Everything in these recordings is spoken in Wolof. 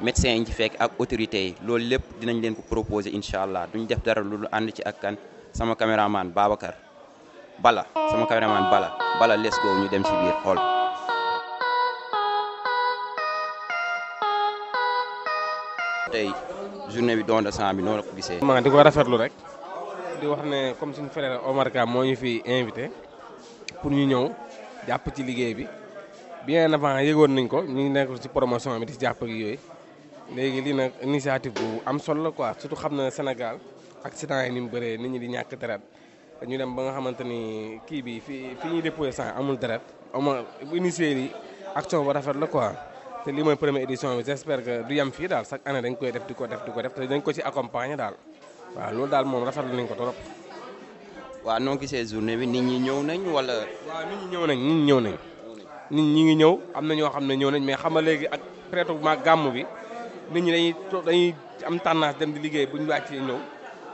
médecins yi ñu ci fekk ak autorités yi loolu lépp dinañ leen ko proposer incha allah duñ def dara lu ànd ci ak kan sama caméraman Babacar Bala sama caméraman Bala Bala let's go ñu dem ci biir xool. tey bi don de sang bi noonu la ko gisee. ma di ko rafetlu rek di wax ne comme suñu frère Omar Ka moo ñu fi invité pour ñu ñëw jàpp ci liggéey bi bien avant yëgoon nañ ko ñu ngi nekk ci promotion bi di ci jàpp ak yooyu. léegi lii nag initiative boobu am solo la quoi surtout xam na Sénégal accident yi ni mu bëree nit ñi di ñàkk deret ñu dem ba nga xamante ni kii bi fii fii ñuy déposé sang amul deret ama initié yi action bu rafet la quoi te lii mooy première édition bi j'espère que du yem fii daal chaque année dañ koy def di ko def di ko def te dañ ko ci accompagner daal waaw loolu daal moom rafetlu nañ ko trop. waaw noo gisee journée bi nit ñi ñëw nañ wala. nit ñi ñëw nañ ñi ñëw nañ. nit ñi ngi ñëw am na ñoo xam ne ñëw nañ mais xam nga léegi ak prêtement gàmm bi. nit ñi dañuy dañuy am tendance dem di liggéey bu ñu wàccee ñëw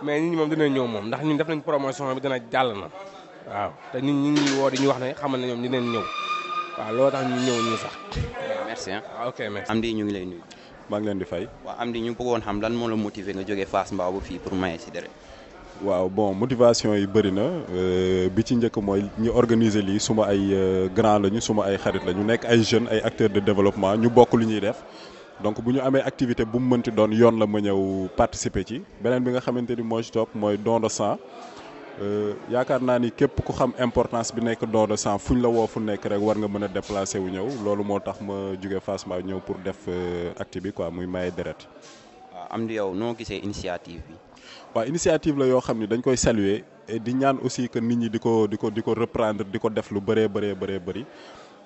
mais nit ñi moom dina ñëw moom ndax ñun def nañ promotion bi dina jàll na waaw te nit ñi ñuy woo di ñu wax ne xamal na ñoom dinañ ñëw waaw loolu tax ñu ñëw ñu sax. merci ah ok ñu ngi lay maa ngi leen di fay. waaw Amady ñu bëggoon xam lan moo la motiver nga jógee Fass Mbao ba fii pour maye ci deret. waaw bon motivation yi bëri na euh, bi ci njëkk mooy ñu organiser lii suma ay euh, grand lañu suma ay xarit lañu nekk ay jeunes ay acteurs de développement ñu bokk lu ñuy def. donc buñu amé activité bu mu mënti doon yoon la ma ñëw participer ci benen bi nga xamanteni moy moo moy topp mooy don de sang euh, yaakaar naa ni képp ku xam importance bi nekk don de sang fuñ la wo fu nekk rek war nga mëna déplacer wu ñëw lolu moo tax ma juggé face ma ñëw pour def euh, acte bi quoi muy maye deret. am di yow noo gisee initiative bi. wa initiative la yo xamni dañ koy saluer et di ñaan aussi que nit ñi diko diko diko reprendre diko def lu béré béré béré béré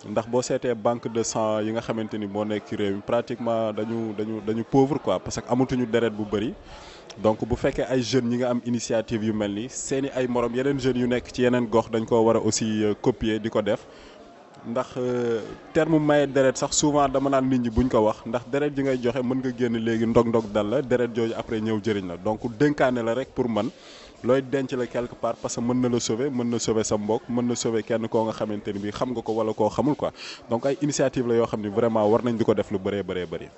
ndax bo sété banque de sang yi nga xamante mo nek ci réew mi pratiquement dañu dañu dañu pauvre quoi parce que amatuñu deret bu bëri donc bu féké ay jeunes ñi nga am initiative yu melni séni ay morom yenen jeunes yu nek ci yenen gox dañ euh, ko wara aussi copier diko def ndax euh, terme maye deret sax souvent dama nan nit ñi buñ ko wax ndax deret ji ngay joxé mën nga génn léegi ndog-ndog dal la deret jooju après ñew jëriñ la donc dénkaane la rek pour man looy denc la quelque part parce que mën na la sauver mën na sauver sa mbokk mën na sauver kenn koo nga xamante ni bi xam nga ko wala koo xamul quoi donc ay initiative la yoo xam ne vraiment war nañ di ko def lu bëree bëree bëri.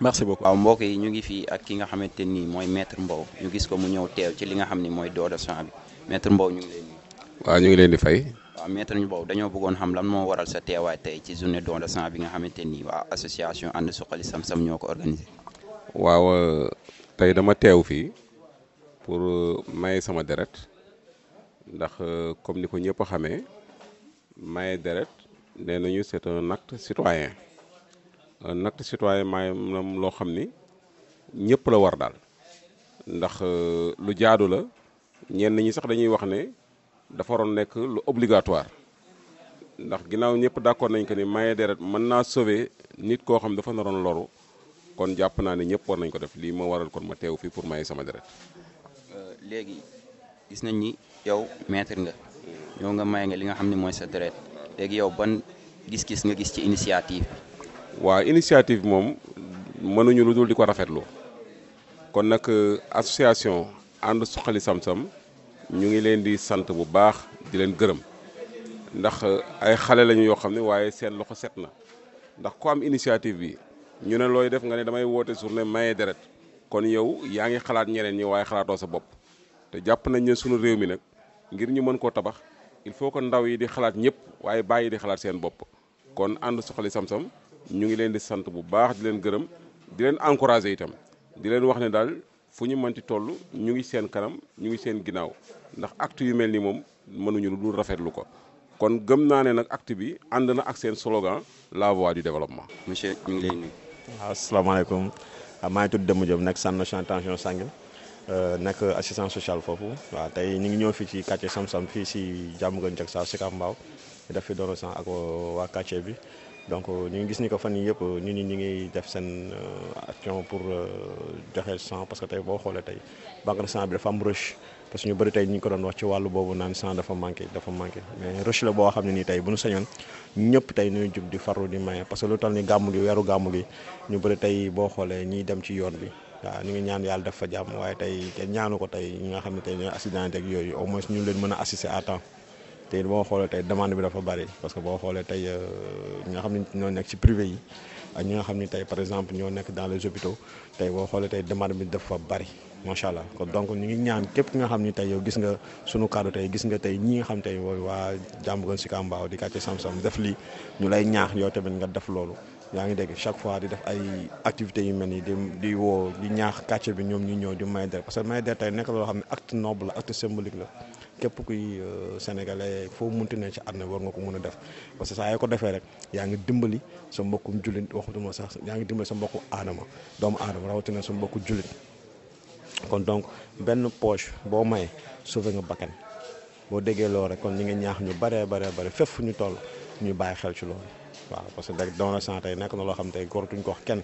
merci beaucoup waaw mbokk yi ñu ngi fii ak ki nga xamante ni mooy maître Mbow ñu gis ko mu ñëw teew ci li nga xam ni mooy don de sang bi maître Mbow ñu ngi leen di. waaw ñu ngi leen di fay. waaw maître Mbow dañoo bëggoon xam lan moo waral sa teewaay tey ci journée don de sang bi nga xamante ni waa association ànd suqali sam sam ñoo ko organisé. waaw euh, tey dama teew fii pour euh, maye sama deret ndax euh, comme ni ko ñëpp xamee deret nee nañu c' est un acte citoyen un acte citoyen maye moom loo xam la war daal ndax euh, lu jaadu la ñenn ñi sax dañuy wax ne dafa waroon nekk lu obligatoire ndax ginnaaw ñëpp d' nañ ko ni maye deret mën naa sauver nit koo xam dafa naroon loru kon jàpp naa ne ñëpp war nañ ko def lii moo waral kon ma teew fi pour maye sama deret léegi gis nañ ni yow maître nga ñoo nga may nga li nga xam ne mooy sa deret léegi yow ban gis-gis nga gis ci initiative waaw initiative moom mënuñu lu dul di ko rafetlu kon nag euh, association ànd suxali sam ñu ngi leen di sant bu baax di leen gërëm ndax euh, ay xale lañu yoo xam ne waaye seen loxo set na ndax ku am initiative bi ñu ne looy def nga ne damay woote journée maye deret kon yow yaa ngi xalaat ñeneen ñi waaye xalaatoo sa bopp te jàpp nañ ne sunu réew mi nag ngir ñu mën koo tabax il faut que ndaw yi di xalaat ñëpp waaye bàyyi di xalaat seen bopp kon ànd soxali sam-sam ñu ngi leen di sant bu baax di leen gërëm di leen encouragé itam di leen wax ne daal fu ñu mënti toll ñu ngi seen kanam ñu ngi seen ginnaaw ndax acte yu mel ni moom mënuñu lu rafetlu ko kon gëm naa ne nag acte bi ànd na ak seen slogan la voie du développement. monsieur ñu ngi lay nuyu. waaw asalaamaaleykum ah, maa ngi tudd Demba Diop nag Sane National Tension Euh, nekk assistant social foofu waaw tey ñu ngi ñëw fii ci quartier Sam-Sam fii si jàmm gën jag saa Sicap Mbao def fi donation ak euh, waa quartier bi donc euh, ñu ngi gis ni ko fan nii yëpp ñu ñi ñu ngi def seen action pour joxe sang parce que tey boo xoolee tey banque bi dafa am rush parce que ñu ñu ngi ko doon wax ci wàllu boobu naan sang dafa manqué dafa manqué mais rush la boo xam ne nii tey bu ñu sañoon ñëpp tey ñuy jub di farlu di maye parce que lu toll ni gàmm gi weeru gàmmu gi ñu bëri tey boo xoolee ñiy dem ci yoon bi waaw ñu ngi ñaan yàlla def fa jàmm waaye tey kenn ñaanu ko tey ñi nga xam ne tey ñooy accidenté ak yooyu au moins ñu leen mën a assister te it boo tey demande bi dafa bari parce que boo xoolee tey euh, xam ne ñoo nekk ci privé yi ak ñi nga xam ni tey par exemple ñoo nekk dans les hôpitaux tey boo xoolee tey demande bi dafa bari macha allah kon donc ñu ngi ñaan képp nga xam ni tey yow gis nga sunu kàddu tey gis nga tey ñi nga xam tey mooy waa jàmm gën si Kambaaw di kàcce sam-sam def lii ñu lay ñaax yow tamit nga def loolu yaa ngi dégg chaque fois di def ay activité yu mel di di woo di ñaax quartier bi ñoom ñu ñëw di may der parce que may der tey nekk loo xam ne acte noble la acte symbolique la képp kuy euh, sénégalais foo munti ne ci àdduna war nga ko mën a def parce que saa yoo ko defee rek yaa ngi dimbali sa mbokkum julit waxutuma sax yaa ngi dimbali sa mbokku aadama doomu aadama rawatina sa mbokku julit kon donc benn poche boo may sauver nga bakkan boo déggee loolu rek kon ñi nga ñaax ñu bare bare bare fépp fu ñu toll ñu bàyyi xel ci loolu waaw parce que don de sang tey nekk na loo xam tey waratuñ ko wax kenn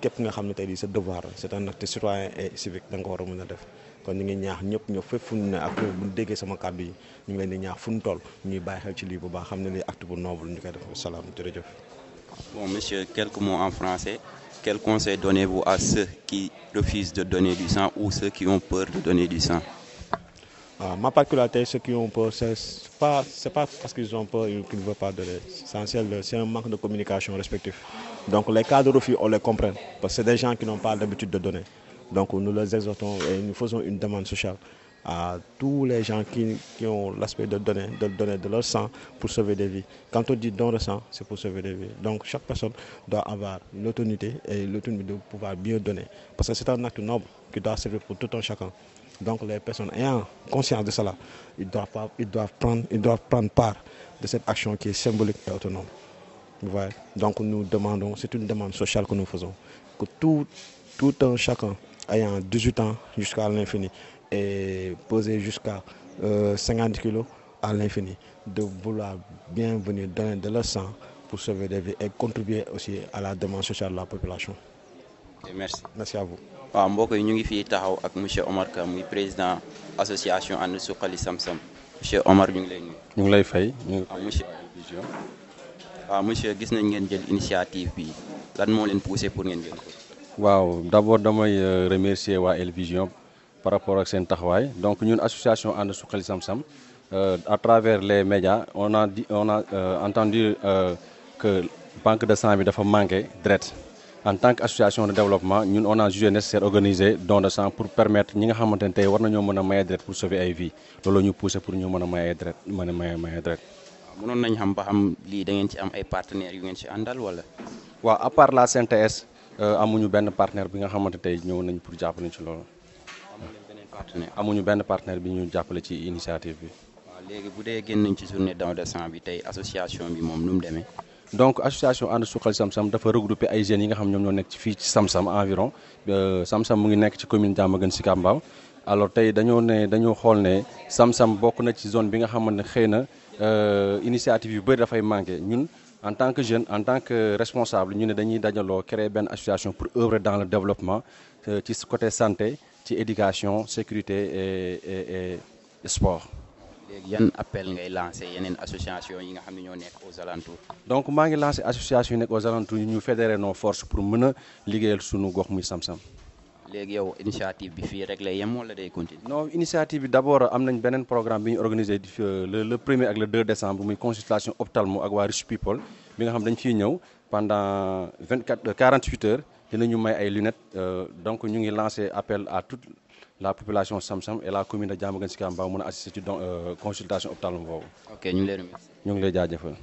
képp nga xam ne tey di sa devoir la c'est un acte citoyen et civique da nga ko war a mën a def kon ñu ngi ñaax ñëpp ñëpp fépp fu ne ak bu déggee sama kàddu yi ñu ngi leen di ñaax fu ñu toll ñuy bàyyi xel ci lii bu baax xam ne lii acte bu noble ñu koy def salaam jërëjëf. bon monsieur quelques mots en français quel conseil donnez-vous à ceux qui refusent de donner du sang ou ceux qui ont peur de donner du sang. Ah, ma particularité, ceux qui ont peur, ce pas, pas parce qu'ils ont peur qu'ils ne veulent pas de l'essentiel, c'est un manque de communication respectif. Donc les cadres, de refus, on les comprend, parce que c'est des gens qui n'ont pas l'habitude de donner. Donc nous les exhortons et nous faisons une demande sociale à tous les gens qui, ont l'aspect de donner, de leur sang pour sauver des vies. Quand on dit don de sang, c'est pour sauver des vies. Donc chaque personne doit avoir l'autonomie et l'autonomie de pouvoir bien donner. Parce que c'est un acte noble qui doit servir pour tout un chacun. Donc les personnes ayant conscience de cela, ils doivent, ils doivent, prendre, ils doivent prendre part de cette action qui est symbolique et autonome. Donc nous demandons, c'est une demande sociale que nous faisons, que tout, tout un chacun ayant 18 ans jusqu'à l'infini et poser jusqu'à 50 euh, kilos à l'infini, de vouloir bien venir donner de leur sang pour sauver des vies et contribuer aussi à la demande sociale de la population. merci merci à vous. waaw mbokk yi ñu ngi taxaw monsieur Omar Ka président association l'association suqali Samsam. M. monsieur Omar ñu ngi lay nuyu. ñu ngi lay fay monsieur monsieur gis nañ ngeen jël initiative bi lan poussé pour ngeen jël je waaw d' euh, remercier Vision par rapport à saint taxawaay donc ñun association ànd suqali sam-sam euh, à travers les médias on a on a euh, entendu euh, que banque de sang bi dafa manqué deret en tant qu'association de développement ñun on a jugé nécessaire organiser don de sang pour permettre ñi nga xamante ne war nañoo mëna maye deret pour sauver ay vie. loolu ñu poussé pour ñu mëna maye deret mëna maye maye deret mënon nañ xam ba xam li da ngeen ci am ay partenaires yu ngeen ci andal wala. wa à part la CNTS amuñu benn partenaire bi nga xamante tay ñëw nañ pour jàppale ci lolu partenaire amuñu benn partenaire bi ñu jàppale ci initiative bi. waaw léegi bu dee génn nañ ci journée don de sang bi tey association bi moom nu mu demee. donc association ànd suqali Samsam dafa regroupé ay jeunes yi nga xam ñoom ñoo nekk ci fii ci Samsam environ Samsam mu ngi nekk ci commune Diamaguène Sicap Mbao alors tey dañoo ne dañoo xool ne Samsam bokk na ci zone bi nga xamante ne xëy na euh, initiative yu bëri dafay manqué ñun en tant que jeune en tant que responsable ñu ne dañuy dajaloo créer benn association pour œuvrer dans le développement euh, ci côté santé ci éducation sécurité et et sport. léegi yan appel ngay lancé yeneen association yi nga xam ñoo aux alentours. donc je ngi lancé association yi nekk aux alentours ñu fédéré nos forces pour mën a liggéeyal sunu gox muy Sam-Sam. yow initiative bi fii régler lay yem day non initiative bi d' abord am programme bi ñu organisé euh, le 1er et le 2 décembre muy consultation ophtalmo avec les Rich People bi nga xam dañ fiy ñëw pendant 24 48 euh, quarante huit heures dinañu may ay lunettes euh, donc ñu ngi lancer appel à toute la population Samsam et la commune de Diamaguène Sicap Mbao mën assister ci euh, consultation ophtalmo boobu. ok ñu lay remercier ñu ngi lay jaajëfal.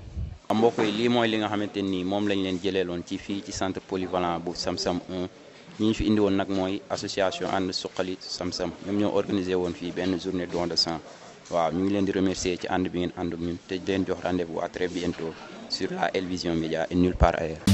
mbokk yi li moy li nga xamanteni ni moom lañ leen jëleeloon ci fi ci centre polyvalent bu Samsam 1 ñi fi indi won nak moy association and suqali Samsam ñom ñoo organiser won fi ben journée don de sang waaw ñu ngi leen di remercier ci ànd bi ngeen ànd ñun te di leen jox rendez-vous à très bientôt sur la El Vision Média et nulle part ailleurs.